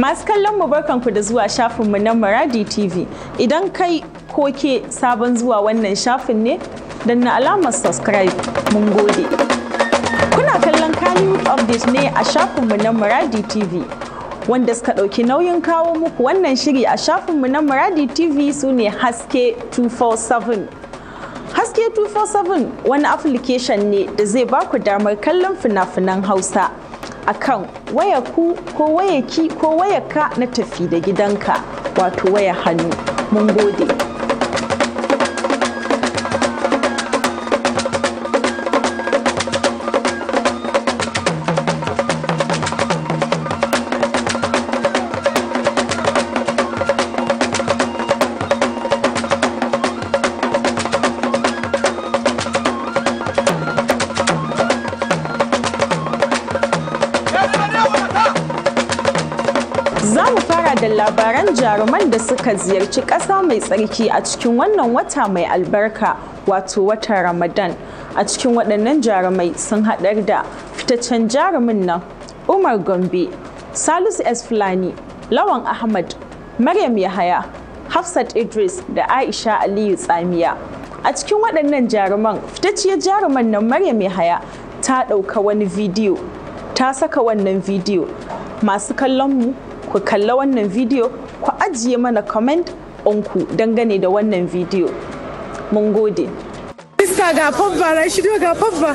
Masu kallon mu barkanku da zuwa shafin mu na Maradi TV. Idan kai ko ke sabon zuwa wannan shafin ne, dan na alamar subscribe mun gode. Kuna kallon Kaliwood Update ne a shafinmu na Maradi TV. Wanda suka dauki nauyin kawo muku wannan shiri a shafin mu na Maradi TV su ne Haske 247. Haske 247 wani application ne da zai baku damar kallon fina-finan Hausa. akan ku ko ki ko ka na tafi da gidanka wato waya hannu mun gode. fara da labaran jaruman da suka ziyarci ƙasa mai tsarki a cikin wannan wata mai albarka wato watan Ramadan. A cikin waɗannan jarumai sun haɗar da fitaccen jarumin nan Umar Gombe, Salisu S. Fulani, Lawan Ahmad, Maryam Yahaya, Hafsat Idris da Aisha Aliyu Tsamiya. A cikin waɗannan jaruman, fitacciyar jaruman nan Maryam Yahaya ta ɗauka wani bidiyo, ta saka wannan bidiyo. Masu kallon mu ku kalla wannan bidiyo ku ajiye mana comment onku dangane da wannan bidiyo mun gode Mista ga fabba Rashido ga fabba.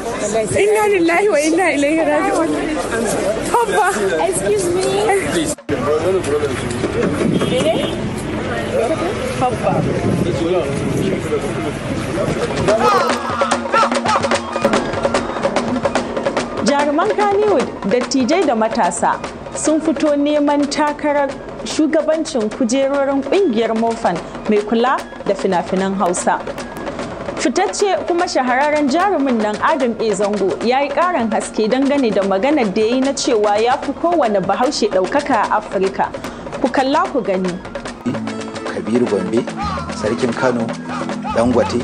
Inna lillahi wa inna ilaihi raji'un. Fabba. Excuse me. Please. Fabba. Jaruman Kannywood, dattijai da matasa sun fito neman takarar shugabancin kujerorin kungiyar mofan mai kula da fina-finan hausa fitacce kuma shahararren jarumin nan adam e zango ya yi karan haske dangane da maganar da ya yi na cewa ya fi kowane bahaushe daukaka a afirka ku kalla ku gani kabiru gombe sarkin kano dangote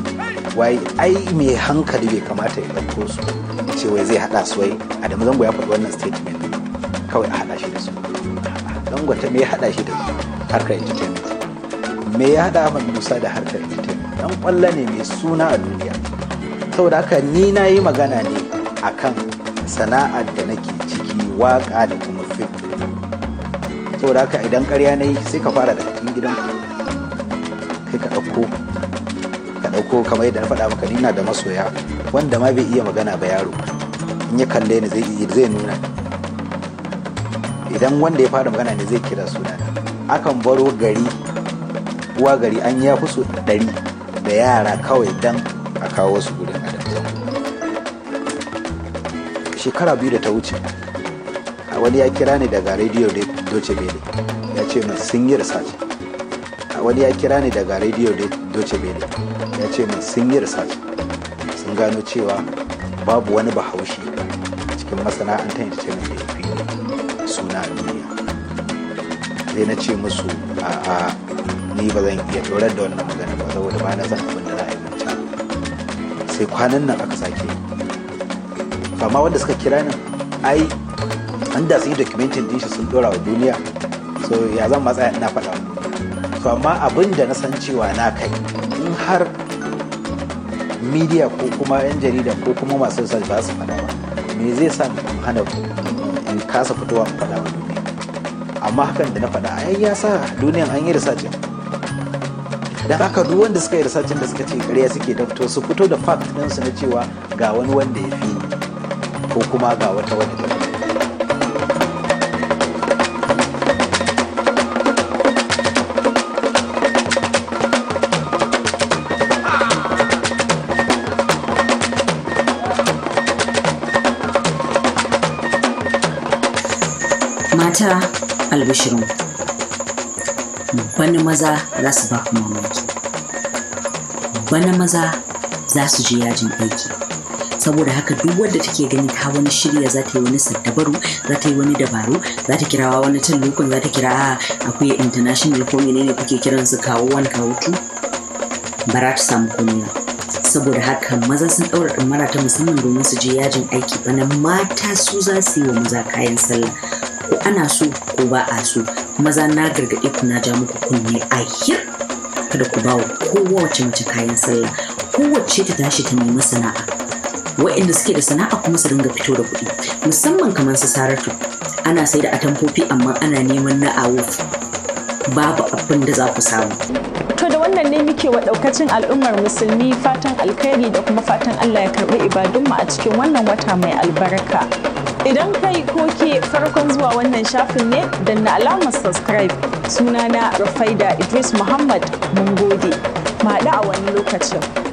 wai ai mai hankali bai kamata ya ɗauko su cewa zai haɗa su wai adam zango ya faɗi wannan statement kawai a hada shi da su gwata me ya hada shi da harkar entertainment me ya hada Ahmad Musa da harkar entertainment dan kwallo ne mai suna a duniya saboda haka ni na yi magana ne a kan sana'ar da nake ciki waka da kuma fim saboda haka idan karya na yi sai ka fara daga cikin gidan kai ka ɗauko ka ɗauko kamar yadda na faɗa maka ni na da masoya wanda ma bai iya magana ba yaro in ya kalle ni zai nuna idan wanda ya fara magana ne zai kira suna akan baro gari uwa gari an ya fi su ɗari da yara kawai dan a kawo su gudun adam shekara biyu da ta wuce a wani ya kira ni daga rediyo da doce bele ya ce min sun yi research a wani ya kira ni daga rediyo da doce bele ya ce min sun yi research sun gano cewa babu wani bahaushe cikin masana'antar entertainment suna duniya sai na ce musu a'a ni ba zan iya dorar da wannan magana ba saboda ba na san abin da za a yi sai kwanan nan aka sake ma wanda suka kira nan ai an da su yi documentin din shi sun dora wa duniya so ya zan matsaya ina faɗa to amma abin da na san cewa na kai in har media ko kuma yan jarida ko kuma masu sa ba su faɗa ba me zai sa hana in kasa fitowa in faɗa duniya amma hakan da na faɗa ai ya sa duniyan an yi risacin da haka duk wanda suka yi risacin da suka ce ƙarya suke da fito su fito da fact su na cewa ga wani wanda ya fi ko kuma ga wata wani mata albishirin bana maza za su ba ku mamaki bana maza za su je yajin aiki saboda haka duk wadda take gani ta wani shirya za ta yi wani saddabaru za ta yi wani dabaru za ta kirawa wani can lokun za ta kira ah, akwai international ko ne kuke kiran su kawo wani kawo tu ba ta samu komai saboda haka maza sun ɗaura ɗin mara ta musamman domin su je yajin aiki bana mata su za su yi wa maza kayan sallah ana so ko ba a so maza na gargaɗe ku na ja muku kunne a hir kada ku ba wa kowace mace kayan sallah kowace ta tashi ta nemi sana'a wa'inda suke da sana'a kuma su dinga fito da kuɗi musamman kamar su saratu ana sai da atamfofi amma ana neman na awuf babu abin da za ku samu to da wannan ne muke wa daukacin al'ummar musulmi fatan alkhairi da kuma fatan Allah ya karbi ibadunmu a cikin wannan wata mai albarka Idan kai ko ke farkon zuwa wannan shafin ne danna alamar subscribe sunana Rufaida Idris Muhammad mun gode. Maɗa a wani lokacin.